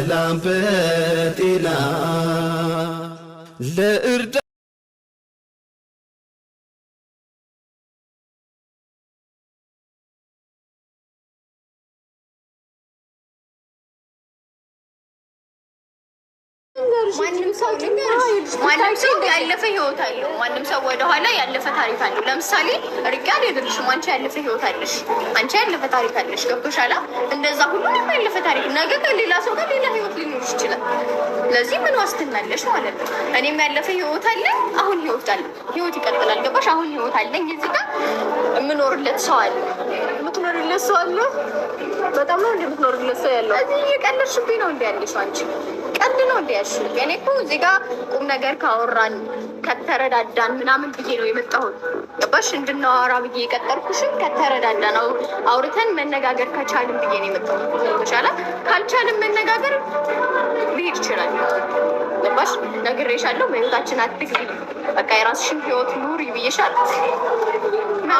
በሰላም በጤና ለእርዳ ማንም ሰው ያለፈ ህይወት አለው። ማንም ሰው ወደኋላ ያለፈ ታሪክ አለው። ለምሳሌ ርቄ አልሄድልሽም። አንቺ ያለፈ ህይወት አለሽ። አንቺ ያለፈ ታሪክ አለሽ። ገብቶሻል? እንደዛ ሁሉንም ያለፈ ታሪክ ነገ ከሌላ ሰው ጋር ሌላ ህይወት ሊኖርሽ ይችላል። ለዚህ ምን ዋስትና ማለት ነው። እኔም ያለፈ ህይወት አለ። አሁን ህይወት አለ። ህይወት ይቀጥላል። ገባሽ? አሁን ህይወት አለኝ። እዚህ ጋር የምኖርለት ሰው አለ። የምትኖርለት ሰው አለ። በጣም ነው እንደምትኖርለት ሰው ያለው እዚህ እየቀለድሽብኝ ነው እንዲ አንቺ እንዲ ያሽልቅ። እኔ እኮ እዚህ ጋር ቁም ነገር ካወራን ከተረዳዳን ምናምን ብዬ ነው የመጣሁት። ገባሽ? እንድናወራ ብዬ የቀጠርኩሽን ከተረዳዳን አውርተን መነጋገር ከቻልን ብዬ ነው የመጣሁት። ቻላ ካልቻልን መነጋገር ሊሄድ ይችላል። ገባሽ? ነግሬሻለሁ። በህይወታችን አትግቢ፣ በቃ የራስሽን ህይወት ኑሪ ብዬሻለሁ።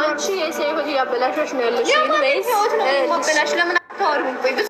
አንቺ የሴ ህይወት እያበላሻሽ ነው ያለሽ። ህይወት ነው ማበላሽ ለምን አታወሪ?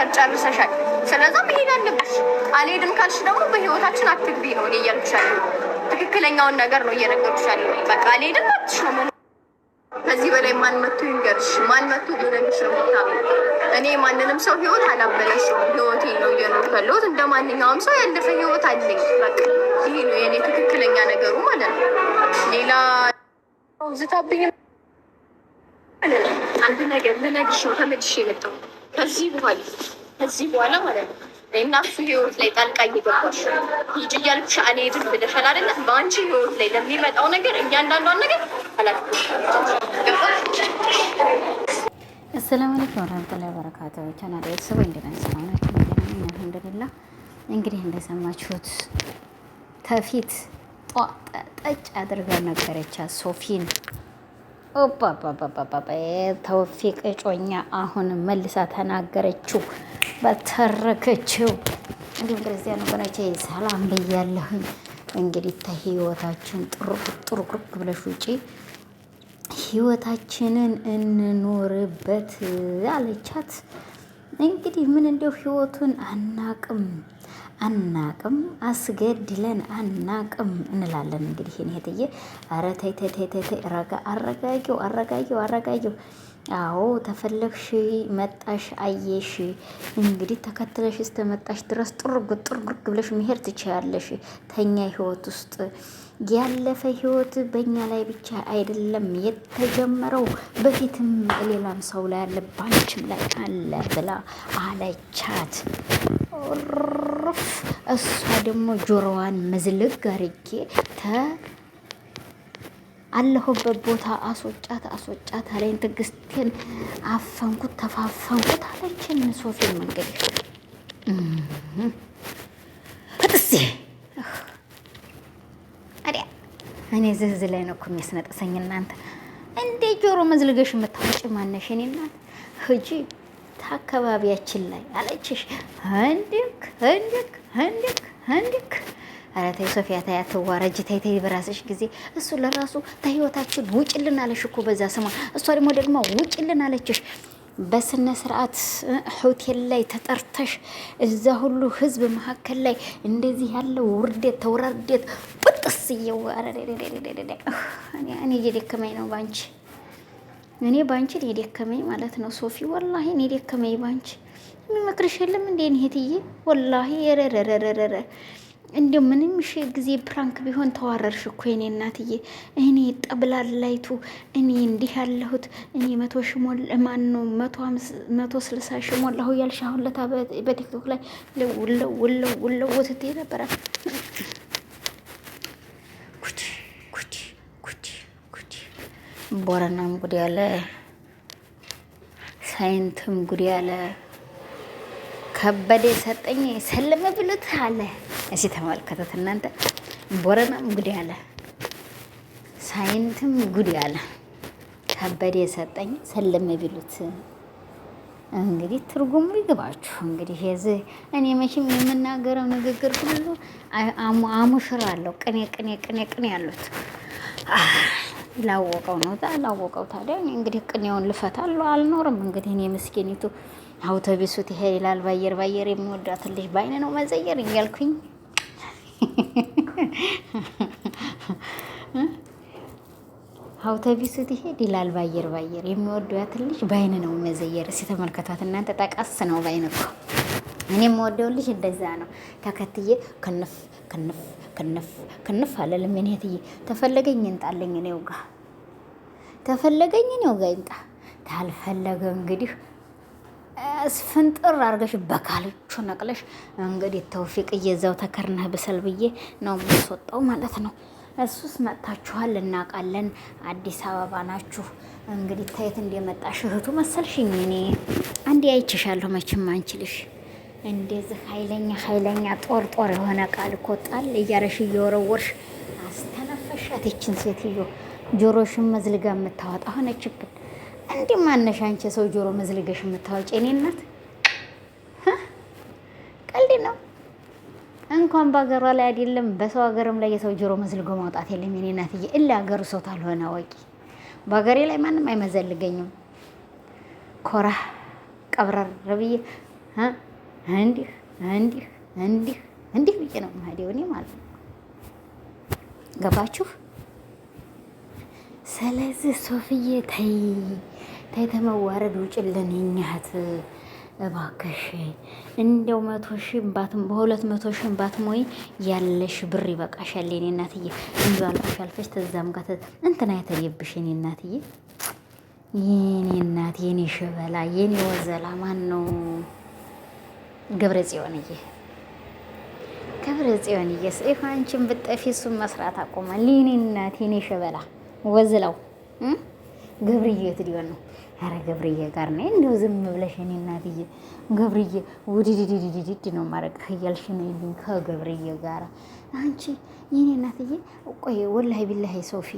ነገር ጨርሰሻል። ስለዛ መሄድ አለብሽ። አልሄድም ካልሽ ደግሞ በህይወታችን አትግቢ ነው እኔ እያልኩሻለሁ። ትክክለኛውን ነገር ነው እየነገርኩሻለሁ። በቃ አልሄድም አትሽ ነው። ከዚህ በላይ ማን መቶ ይንገርሽ? ማን መቶ ሊነግርሽ ነው? እኔ ማንንም ሰው ህይወት አላበላሽም። ህይወቴ ነው እየኖርኩ ያለሁት። እንደ ማንኛውም ሰው ያለፈ ህይወት አለኝ። በቃ ይሄ ነው የእኔ ትክክለኛ ነገሩ ማለት ነው። ሌላ ዝታብኝ አንድ ነገር ልነግርሽ ነው ተመልሼ የመጣሁት ከዚህ በኋላ ከዚህ በኋላ ማለት ነው እናሱ ህይወት ላይ ጣልቃ እየገባሽ ሂጂ እያልኩሽ አልሄድም ብለሻል አይደለ? በአንቺ ህይወት ላይ ለሚመጣው ነገር እያንዳንዷን ነገር አላት። አሰላሙ አለይኩም ወራህመቱላሂ ወበረካቱሁ። ቻናል ቤተሰብ እንደምን ሰላማችሁ? እንደምን አልሐምዱሊላህ። እንግዲህ እንደሰማችሁት ከፊት ጠጭ አድርገው ነገረቻት ሶፊን ተውፊቅ እጮኛ አሁን መልሳ ተናገረችው። በተረከችው እንዲህ እንግዲህ ነገሮች ሰላም ብያለሁኝ። እንግዲህ ተህይወታችን ጥሩቅርቅ ብለሽ ውጪ ህይወታችንን እንኖርበት አለቻት። እንግዲህ ምን እንደው ህይወቱን አናቅም። አናቅም አስገድለን አናቅም እንላለን። እንግዲህ ይህን እህትዬ ኧረ ተይ ተይ ተይ ተይ ተይ ረጋ አረጋጊው አረጋጊው አረጋጊው። አዎ ተፈለግሽ መጣሽ አየሽ እንግዲህ ተከትለሽ እስተመጣሽ ድረስ ጥርግ ጥርግ ብለሽ መሄድ ትችያለሽ። ተኛ ህይወት ውስጥ ያለፈ ህይወት በእኛ ላይ ብቻ አይደለም የተጀመረው በፊትም ሌላም ሰው ላይ አለ፣ ባንችም ላይ አለ ብላ አለቻት። እርፍ። እሷ ደግሞ ጆሮዋን መዝልግ አርጌ ተ አለሁበት ቦታ አስወጫት አስወጫት አለኝ። ትዕግስቴን አፈንኩት ተፋፈንኩት አለችን። ሶፊን መንገድ እኔ ዝህዝ ላይ ነው እኮ የሚያስነጥሰኝ እናንተ እንዴ ጆሮ መዝልገሽ የምታወጪ ማነሽ? እኔ እናት ህጂ አካባቢያችን ላይ አለችሽ። እንዲክ እንዲክ እንዲክ እንዲክ ኧረ ተይ ሶፊያ ተይ አትዋረጅ ተይ ተይ በራስሽ ጊዜ እሱ ለራሱ ተህይወታችን ውጭልን አለሽ እኮ በዛ ስማ እሷ ደግሞ ደግሞ ውጭልን አለችሽ በስነ ስርዓት ሆቴል ላይ ተጠርተሽ እዛ ሁሉ ህዝብ መካከል ላይ እንደዚህ ያለ ውርደት ተወራርደት ቁጥስ እየዋረ እኔ እየደከመኝ ነው ባንቺ እኔ ባንቺ ነው ማለት ነው ሶፊ፣ ወላሂ እኔ የደከመኝ ባንቺ። የሚመክርሽ የለም እንዴ እህትዬ? ወላሂ የረረረረረ እንደው ምንም ሽ ጊዜ ፕራንክ ቢሆን ተዋረርሽ እኮ የኔ እናትዬ። እኔ ላይቱ እኔ እንዲህ ያለሁት እኔ መቶ ሽሞል ማን ነው መቶ ስልሳ ሽሞላሁ ያልሽ አሁን ለታ በቲክቶክ ላይ ውለው ውለው ውለው ወትቴ ነበረ ቦረናም ጉድ ያለ ሳይንትም ጉድ ያለ ከበደ ሰጠኝ ሰለመ ብሎት አለ። እሺ ተመልከቱት እናንተ። ቦረናም ጉድ ያለ ሳይንትም ጉድ ያለ ከበደ ሰጠኝ ሰለመ ብሎት እንግዲህ ትርጉሙ ይግባችሁ። እንግዲህ የዚህ እኔ መቼም የምናገረው ንግግር ሁሉ አሙሽራ አለው ቅኔ ቅኔ ቅኔ ቅኔ ያሉት። ላወቀው ነው ዛ ላወቀው። ታዲያ እንግዲህ ቅኔውን ልፈታል አልኖርም። እንግዲህ እኔ ምስኪኒቱ አውቶቢሱ ትሄድ ይላል ባየር ባየር የሚወዳትን ልጅ በአይን ነው መዘየር እያልኩኝ አውቶቢሱ ትሄድ ይላል ባየር ባየር የሚወዷትን ልጅ በአይን ነው መዘየር። እስኪ ተመልከቷት እናንተ። ጠቃስ ነው በአይን እኮ እኔ የምወደው ልጅ እንደዛ ነው ተከትዬ ክንፍ ክንፍ ክንፍ ክንፍ አለልም። እኔ እህትዬ ተፈለገኝ እንጣለኝ እኔው ጋ ተፈለገኝ እኔው ጋ ይምጣ። ታልፈለገ እንግዲህ ስፍንጥር አድርገሽ በካልቹ ነቅለሽ እንግዲህ ተውፊቅ እየዛው ተከርነህ ብሰል ብዬ ነው የምትወጣው ማለት ነው። እሱስ መጥታችኋል፣ እናውቃለን። አዲስ አበባ ናችሁ እንግዲህ። ታየት እንደመጣሽ እህቱ መሰልሽኝ። እኔ አንዴ አይችሻለሁ መቼም አንችልሽ እንደዚህ ኃይለኛ ኃይለኛ ጦር ጦር የሆነ ቃል እኮ ጣል እያረሽ እየወረወርሽ አስተነፈሻት። ይችን ሴትዮ ጆሮሽን መዝልጋ የምታወጣ ሆነችብን። እንዲህ ማነሽ አንቺ ሰው ጆሮ መዝልገሽ የምታወጭ እኔ እናት ቀልድ ነው። እንኳን በሀገሯ ላይ አይደለም በሰው ሀገርም ላይ የሰው ጆሮ መዝልጎ ማውጣት የለም። የኔ እናትዬ እላ ሀገሩ ሰው ታልሆነ አወቂ። በሀገሬ ላይ ማንም አይመዘልገኝም። ኮራ ቀብረር ብዬ እንዲህ እንዲህ እንዲህ እንዲህ ብዬ ነው የምሄደው እኔ ማለት ነው። ገባችሁ? ስለዚህ ሶፍዬ ተይ ተይ ተመዋረድ ውጭልን የኛት እባክሽ እንደው መቶ ሺህ ባትም በሁለት መቶ ሺህ ባትም ወይ ያለሽ ብር ይበቃሻል። የኔ እናትዬ እንዱ አልፈሽ አልፈሽ ተዛም ጋር እንትን አይተየብሽ የኔ እናትዬ፣ የኔ እናት፣ የኔ ሽበላ፣ የኔ ወዘላ ማን ነው? ግብረ ጽዮንዬ ግብረ ጽዮንዬ ሰይፉ አንቺን ብጠፊ እሱን መስራት አቆመ። ሊኒ እናቴ እኔ ሸበላ ወዝለው ገብርዬ የት ነው? ኧረ ገብርዬ ጋር ነው እንዲሁ ዝም ብለሽ እኔ እናትዬ ገብርዬ ውድድድድድድ ነው ማድረግ እያልሽ ነው የሉኝ ከገብርዬ ጋር አንቺ የኔ እናትዬ። ቆይ ወላሂ ቢላሂ ሶፊ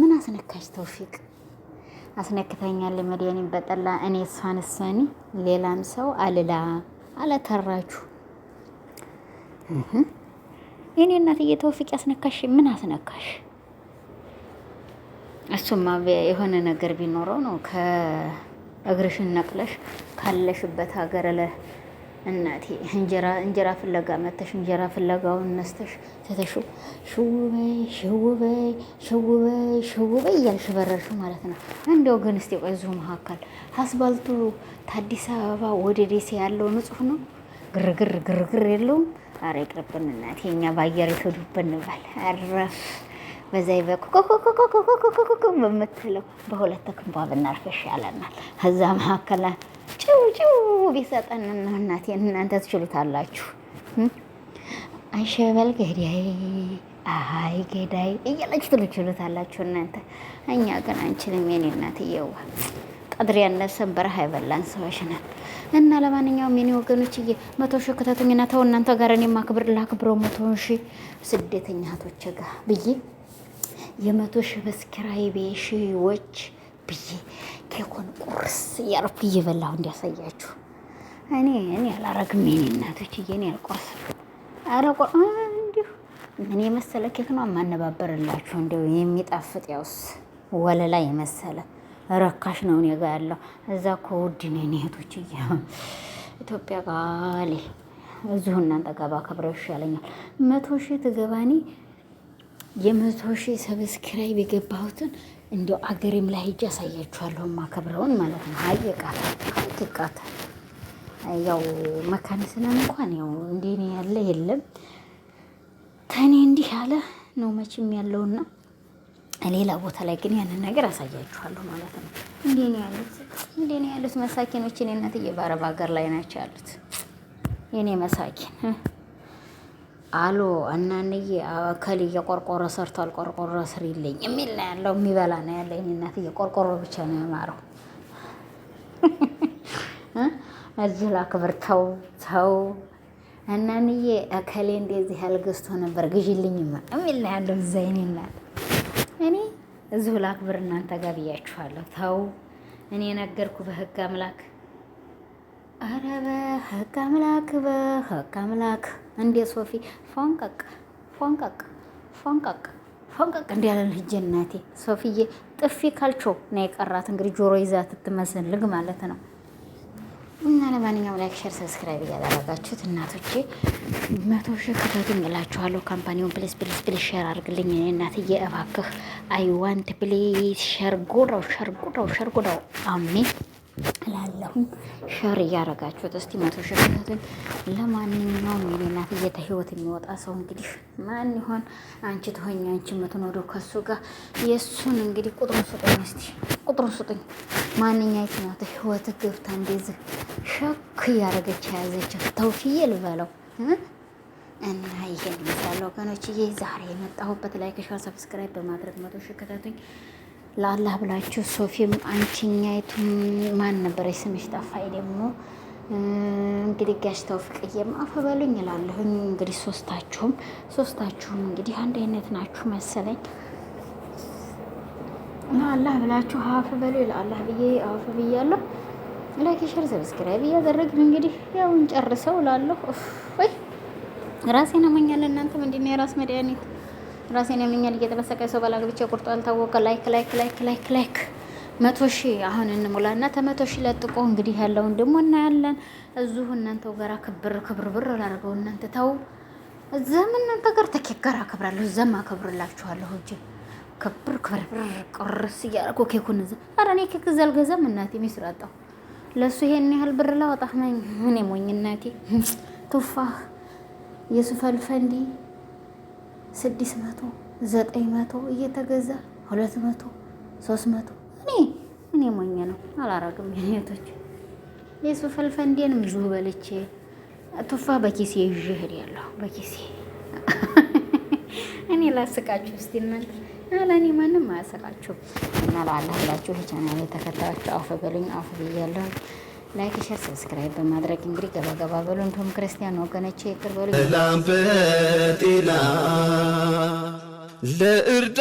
ምን አስነካሽ? ተውፊቅ አስነክታኛል። መድያኒን በጠላ እኔ እሷን እሷኒ ሌላም ሰው አልላ አለተራችሁ የኔ እናትዬ ተውፊቅ ያስነካሽ ምን አስነካሽ? እሱማ የሆነ ነገር ቢኖረው ነው ከእግርሽን ነቅለሽ ካለሽበት ሀገር እናቴ እንጀራ እንጀራ ፍለጋ መተሽ እንጀራ ፍለጋውን ነስተሽ ተተሹ ሽው በይ ሽው በይ እያልሽ ማለት ነው። እንዲያው ግን እስቲ ቆይ እዚሁ መካከል አስፋልቱ ታዲስ አበባ ወደ ደሴ ያለው ንጹህ ነው። ግርግር ግርግር የለውም። አረ ይቅርብን እናቴ፣ እኛ በአየር ይሄዱብን እንባል አረፍ በዛ በኮኮኮኮኮኮኮኮኮኮ በምትለው በሁለት ክንቧ ብናርፍ ይሻለናል። መካከል ጭው ጭው ቢሰጠን ነው። እናቴ እናንተ ትችሉታላችሁ። አንሸበል ገዳይ አይ ገዳይ እያላችሁ ትችሉታላችሁ እናንተ። እኛ ግን አንችልም። የኔ እናት እየዋ ቀድር ያነሰን በረሃ የበላን ሰዎች ነን። እና ለማንኛውም የኔ ወገኖች እየ መቶ ሺህ ክተቱኝና ተው እናንተ ጋር እኔ ማክብር ላክብረው መቶን ሺ ስደተኛ እህቶች ጋር ብዬ የመቶ ሺህ በስኪራይ ቤሺዎች ብዬ ከኮን ቁርስ እያልኩ እየበላሁ እንዲያሳያችሁ። እኔ እኔ አላረግም የኔ እናቶች እየኔ አልቆርስ አረቆ እንዲሁ እኔ የመሰለ ኬክ ነው የማነባበርላችሁ እንዲሁ የሚጣፍጥ ያውስ ወለላ የመሰለ ረካሽ ነው እኔ ጋ ያለው። እዛ እኮ ውድ ነው የኔ እህቶች እያ ኢትዮጵያ ቃሌ እዚሁ እናንተ ጋባ ከብረው ይሻለኛል። መቶ ሺህ ትገባኔ የመቶ ሺህ ሰብስክራይብ የገባሁትን እንደ አገሬም ላይ ሂጅ ያሳያችኋለሁ። ማከብረውን ማለት ነው። ሀቂቃት ሀቂቃት ያው መካነ እንኳን ያው እንደኔ ያለ የለም ተኔ እንዲህ ያለ ነው መቼም ያለውና ሌላ ቦታ ላይ ግን ያንን ነገር አሳያችኋለሁ ማለት ነው። እንዴት ያሉት እንዴት ያሉት መሳኪኖች እኔ እናትዬ በአረብ ሀገር ላይ ናቸው ያሉት የኔ መሳኪን አሎ እናንዬ እከሌ እየቆርቆረ ሰርቷል፣ ቆርቆሮ ስሪልኝ የሚል ነው ያለው። የሚበላ ነው ያለ እናትዬ ቆርቆሮ ብቻ ነው የማረው። እዚህ ላክብር። ተው ተው እናንዬ እከሌ እንደዚህ ያልገዝቶ ነበር ግዢልኝማ የሚል ነው ያለው። እዛ ይኔ እናት እኔ እዚሁ ላክብር እናንተ ጋር ብያችኋለሁ። ተው እኔ ነገርኩ በህግ አምላክ ኧረ በህግ አምላክ በህግ አምላክ እንደ ሶፊ ፎንቀቅ ፎንቀቅ ፎንቀቅ ፎንቀቅ እንዲያለን ህጅ እናቴ ሶፊዬ ጥፊ ካልቾ ነው የቀራት። እንግዲህ ጆሮ ይዛ ትትመሰልግ ማለት ነው። እና ለማንኛውም ላይክ፣ ሸር ሰብስክራይብ እያደረጋችሁት እናቶቼ መቶ ሺ ክፈቱኝ እላችኋለሁ። ካምፓኒውን ፕሊስ ፕሊስ ፕሊስ ሼር አድርግልኝ እኔ እናትዬ እባክህ። አይ ዋንት ፕሊስ ጉዳው ሸር ጉዳው አሜን እላለሁኝ። ሸር እያረጋችሁት እስቲ መቶ ሸር ለማንኛውም የኔ እናትዬ ተህይወት የሚወጣ ሰው እንግዲህ ማን ይሆን? አንቺ ትሆኝ አንቺ የምትኖሪው ከሱ ጋር የእሱን እንግዲህ ቁጥሩን ስጡኝ እስቲ ቁጥሩን ስጡኝ። ማንኛይቱ ናት ህይወት ገብታ እንደዚህ ሸክ እያረገች የያዘች ተውፊዬ ልበለው እና ይሄን ይመስላል ይህ ዛሬ የመጣሁበት ላይክ፣ ሸር፣ ሰብስክራይብ በማድረግ መቶ ሺህ ለአላህ ብላችሁ ሶፊም አንቺኛይቱም ማን ነበረች ስምሽ ጠፋኝ። ደግሞ እንግዲህ ጋሽ ተውፍቅዬም አፍ በሉኝ እላለሁኝ። እንግዲህ ሶስታችሁም ሶስታችሁም እንግዲህ አንድ አይነት ናችሁ መሰለኝ። ለአላህ ብላችሁ አፍ በሉ ለአላህ ብዬ አፈ ብያለሁ። ላይክ ሸር ሰብስክራይብ እያደረግን እንግዲህ ያውን ጨርሰው እላለሁ። ወይ ራሴን አመኛለሁ። እናንተ ምንድን ነው የራስ መድኃኒት ራሴን ያምኛል እየተመሰቀ ሰው ብቻ ቁርጦ አልታወቀ። ላይክ ላይክ ላይክ ላይክ ላይክ መቶ ሺህ አሁን እንሙላ እና ተመቶ ሺህ ለጥቆ እንግዲህ ያለውን ደግሞ እናያለን። እዚሁ እናንተው ጋራ ክብር ክብር ብር ላደርገው እናንተ ተው። እዚህም እናንተ ጋር ተኬክ ጋር አከብራለሁ፣ እዚያም አከብርላችኋለሁ። እጅ ክብር ክብር ብር ቆርስ እያደረኩ ኬኩን እዛ ኧረ እኔ ኬክ እዛ አልገዛም እናቴ ሚስራጣው ለእሱ ይሄን ያህል ብር ላወጣ ነኝ እኔ ሞኝ እናቴ ቱፋህ የሱፈልፈንዲ ስድስት መቶ ዘጠኝ መቶ እየተገዛ ሁለት መቶ ሶስት መቶ እኔ እኔ ሞኝ ነው አላረግም። ኔቶች የሱ ፈልፈንዴንም ዙህ በልቼ ቱፋ በኪሴ ይዤ ያለሁ በኪሴ እኔ ላስቃችሁ እስቲ እናንተ አለ እኔ ማንም አያስቃችሁ እና ለአላህ ብላችሁ የቻናሌ ተከታዮች አውፍ በሉኝ። አውፍ ብያለሁ። ላይክ፣ ሸር፣ ሰብስክራይብ በማድረግ እንግዲህ ገባ ገባ በሉ። እንዲሁም ክርስቲያን ወገኖቼ ይቅር በሉ። ጤና ለእርዳ